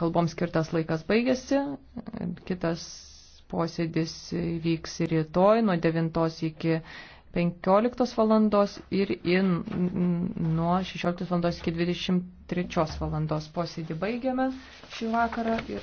kalboms skirtas laikas baigėsi. Kitas posėdis vyks rytoj nuo 9 iki 15 valandos ir in, nuo 16 valandos iki 23 valandos posėdį baigiame šį vakarą. Ir